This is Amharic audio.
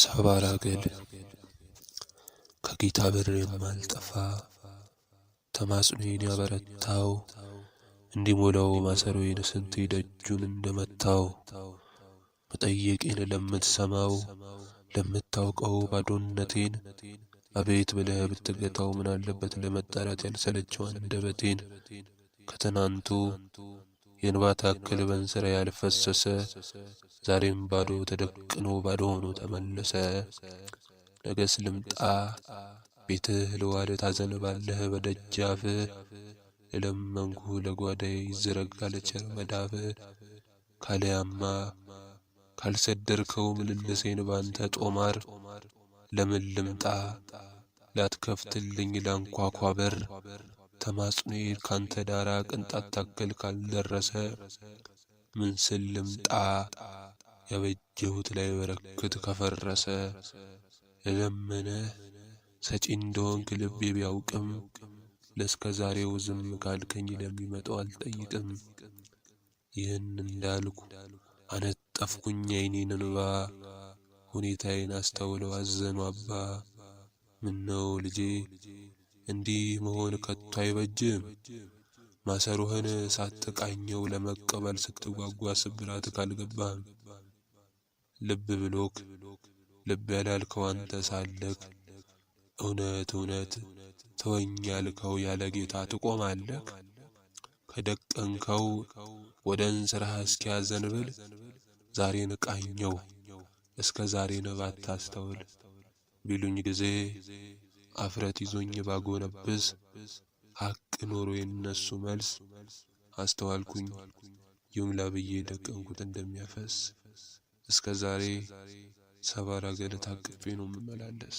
ሰባራገል ከጌታ ብር የማልጠፋ ተማጽኖዬን ያበረታው እንዲሞላው ማሰሮዬን ስንት ደጁን እንደመታው መጠየቄን ለምትሰማው ለምታውቀው ባዶነቴን አቤት ብለህ ብትገታው ምን አለበት ለመጣራት ያልሰለቸው አንደበቴን ከትናንቱ የእንባ ታክል በንስራ ያልፈሰሰ ዛሬም ባዶ ተደቅኖ ባዶ ሆኖ ተመለሰ። ነገስ ልምጣ ቤትህ ልዋል ታዘን ባለህ በደጃፍ ለለመንኩ ለጓዳዬ ይዘረጋል ቸር መዳፍ ካልያማ ካልሰደርከው ምልልሴን ባንተ ጦማር ለምን ልምጣ ላትከፍትልኝ ላንኳኳ በር ተማጽኖዬን ካንተ ዳራ ቅንጣት ታክል ካልደረሰ ምን ስል ልምጣ? ያበጀሁት ላይ በረክት ከፈረሰ ለለመነ ሰጪ እንደሆንክ ልቤ ቢያውቅም ለእስከ ዛሬው ዝም ካልከኝ ለሚመጣው አልጠይቅም። ይህን እንዳልኩ አነጠፍኩኝ አይኔን እንባ ሁኔታዬን አስተውለው አዘኑ አባ ምነው ልጄ እንዲህ መሆን ከቶ አይበጅም። ማሰሮህን ሳትቃኘው ለመቀበል ስትጓጓ ስብራት ካልገባህም ልብ ብሎክ ልብ ያላልከው አንተ ሳለክ እውነት እውነት ተወኝ ያልከው ያለ ጌታ ትቆማለክ። ከደቀንከው ወደ እንስራህ እስኪያዘንብል ዛሬን ቃኘው እስከ ዛሬን ባታስተውል ቢሉኝ ጊዜ አፍረት ይዞኝ ባጎነበስ ሀቅ ኖሮ የነሱ መልስ አስተዋልኩኝ ይሙላ ብዬ ደቀንኩት እንደሚያፈስ እስከ ዛሬ ሰባራ ገነት አቅፌ ነው የምመላለስ።